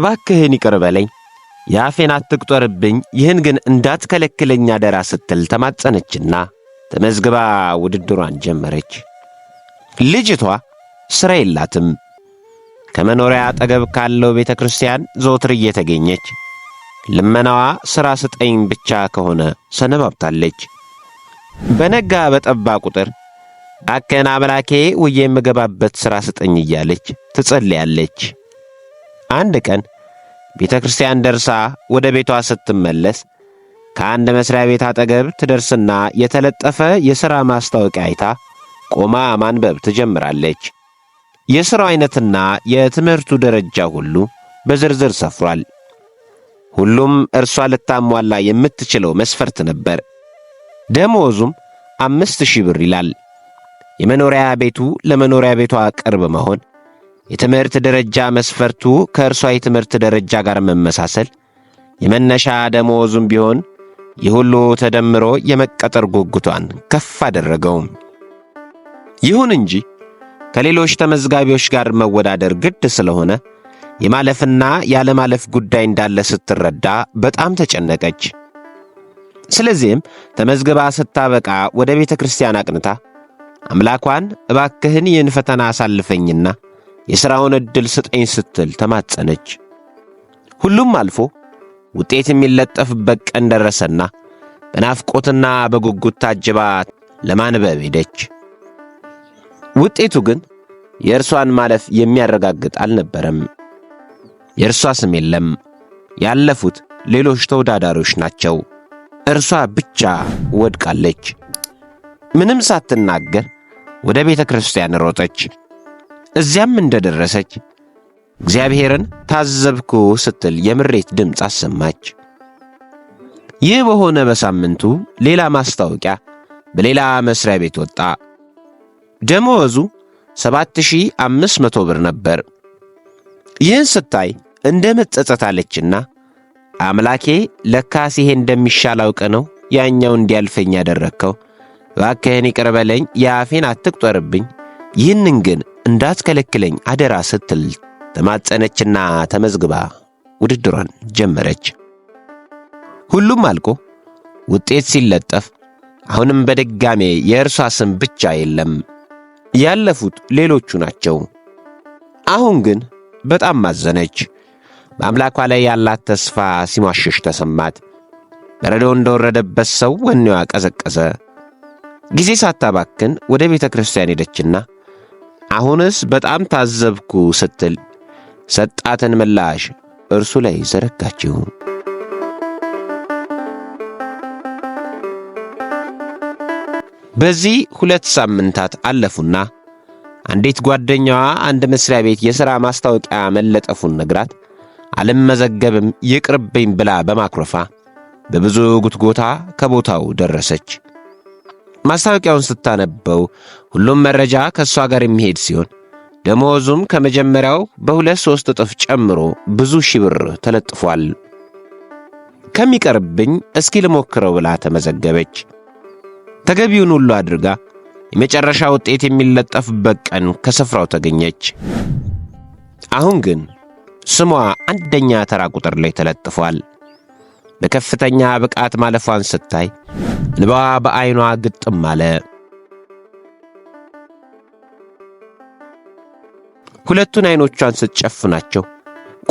እባክህን ይቅር በለኝ፣ የአፌን አትቅጦርብኝ፣ ይህን ግን እንዳትከለክለኝ አደራ ስትል ተማጸነችና ተመዝግባ ውድድሯን ጀመረች። ልጅቷ ሥራ የላትም። ከመኖሪያ አጠገብ ካለው ቤተ ክርስቲያን ዘወትር እየተገኘች ልመናዋ ሥራ ስጠኝ ብቻ ከሆነ ሰነባብታለች። በነጋ በጠባ ቁጥር አከና አምላኬ ውዬ የምገባበት ሥራ ስጠኝ እያለች ትጸልያለች። አንድ ቀን ቤተ ክርስቲያን ደርሳ ወደ ቤቷ ስትመለስ ከአንድ መስሪያ ቤት አጠገብ ትደርስና የተለጠፈ የሥራ ማስታወቂያ አይታ ቆማ ማንበብ ትጀምራለች። የሥራው ዐይነትና የትምህርቱ ደረጃ ሁሉ በዝርዝር ሰፍሯል። ሁሉም እርሷ ልታሟላ የምትችለው መስፈርት ነበር። ደመወዙም አምስት ሺህ ብር ይላል። የመኖሪያ ቤቱ ለመኖሪያ ቤቷ ቅርብ መሆን የትምህርት ደረጃ መስፈርቱ ከእርሷ የትምህርት ደረጃ ጋር መመሳሰል፣ የመነሻ ደመወዙም ቢሆን ይህ ሁሉ ተደምሮ የመቀጠር ጉጉቷን ከፍ አደረገውም። ይሁን እንጂ ከሌሎች ተመዝጋቢዎች ጋር መወዳደር ግድ ስለሆነ የማለፍና ያለማለፍ ጉዳይ እንዳለ ስትረዳ በጣም ተጨነቀች። ስለዚህም ተመዝግባ ስታበቃ ወደ ቤተ ክርስቲያን አቅንታ አምላኳን እባክህን ይህን ፈተና አሳልፈኝና የሥራውን ዕድል ስጠኝ ስትል ተማጸነች። ሁሉም አልፎ ውጤት የሚለጠፍበት ቀን ደረሰና በናፍቆትና በጉጉት ታጅባ ለማንበብ ሄደች። ውጤቱ ግን የእርሷን ማለፍ የሚያረጋግጥ አልነበረም። የእርሷ ስም የለም። ያለፉት ሌሎች ተወዳዳሪዎች ናቸው። እርሷ ብቻ ወድቃለች። ምንም ሳትናገር ወደ ቤተ ክርስቲያን ሮጠች። እዚያም እንደደረሰች እግዚአብሔርን ታዘብኩ ስትል የምሬት ድምፅ አሰማች። ይህ በሆነ በሳምንቱ ሌላ ማስታወቂያ በሌላ መስሪያ ቤት ወጣ። ደመወዙ 7500 ብር ነበር። ይህን ስታይ እንደ መጸጸት አለችና አምላኬ ለካስ ይሄ እንደሚሻል አውቀ ነው ያኛው እንዲያልፈኝ ያደረግከው። እባክህን ይቅርበለኝ፣ የአፌን አትቁጠርብኝ፣ ይህንን ግን እንዳትከለክለኝ አደራ ስትል ተማጸነችና ተመዝግባ ውድድሯን ጀመረች። ሁሉም አልቆ ውጤት ሲለጠፍ አሁንም በድጋሜ የእርሷ ስም ብቻ የለም፣ ያለፉት ሌሎቹ ናቸው። አሁን ግን በጣም ማዘነች። በአምላኳ ላይ ያላት ተስፋ ሲሟሸሽ ተሰማት። በረዶ እንደወረደበት ሰው ወኔዋ ቀዘቀዘ። ጊዜ ሳታባክን ወደ ቤተ ክርስቲያን ሄደችና አሁንስ በጣም ታዘብኩ ስትል ሰጣትን ምላሽ እርሱ ላይ ዘረጋችው። በዚህ ሁለት ሳምንታት አለፉና አንዲት ጓደኛዋ አንድ መስሪያ ቤት የሥራ ማስታወቂያ መለጠፉን ነግራት አልመዘገብም ይቅርብኝ ብላ በማኩረፋ በብዙ ጉትጎታ ከቦታው ደረሰች። ማስታወቂያውን ስታነበው ሁሉም መረጃ ከእሷ ጋር የሚሄድ ሲሆን ደመወዙም ከመጀመሪያው በሁለት ሦስት እጥፍ ጨምሮ ብዙ ሺህ ብር ተለጥፏል። ከሚቀርብኝ እስኪ ልሞክረው ብላ ተመዘገበች። ተገቢውን ሁሉ አድርጋ የመጨረሻ ውጤት የሚለጠፍበት ቀን ከስፍራው ተገኘች። አሁን ግን ስሟ አንደኛ ተራ ቁጥር ላይ ተለጥፏል። በከፍተኛ ብቃት ማለፏን ስታይ ልባዋ በዐይኗ ግጥም አለ። ሁለቱን ዐይኖቿን ስትጨፍናቸው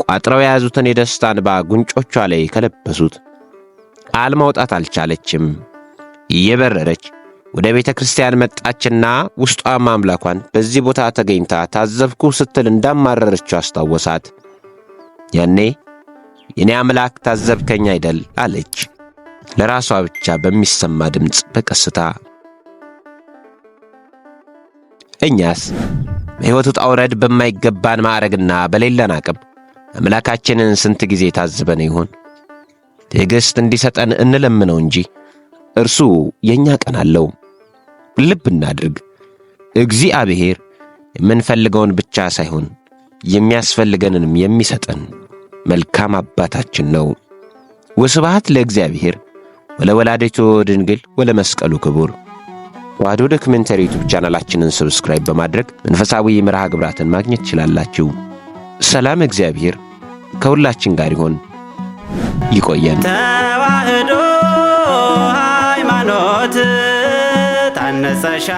ቋጥረው የያዙትን የደስታ እንባ ጉንጮቿ ላይ ከለበሱት ቃል አልቻለችም። እየበረረች ወደ ቤተ ክርስቲያን መጣችና ውስጧም አምላኳን በዚህ ቦታ ተገኝታ ታዘብኩ ስትል እንዳማረረችው አስታወሳት። ያኔ የኔ አምላክ ታዘብከኝ አይደል አለች። ለራሷ ብቻ በሚሰማ ድምፅ በቀስታ እኛስ በሕይወት ውጣ ውረድ በማይገባን ማዕረግና በሌለን አቅም አምላካችንን ስንት ጊዜ ታዝበን ይሆን? ትዕግሥት እንዲሰጠን እንለምነው እንጂ እርሱ የእኛ ቀን አለው። ልብ እናድርግ፣ እግዚአብሔር የምንፈልገውን ብቻ ሳይሆን የሚያስፈልገንንም የሚሰጠን መልካም አባታችን ነው። ወስብሐት ለእግዚአብሔር። ወለወላዲቱ ድንግል ወለመስቀሉ ክቡር ዋዶ ዶክመንተሪ ዩቱብ ቻናላችንን ሰብስክራይብ በማድረግ መንፈሳዊ መርሃ ግብራትን ማግኘት ትችላላችሁ። ሰላም እግዚአብሔር ከሁላችን ጋር ይሆን። ይቆየን። ተዋሕዶ ሃይማኖት ታነጸሻ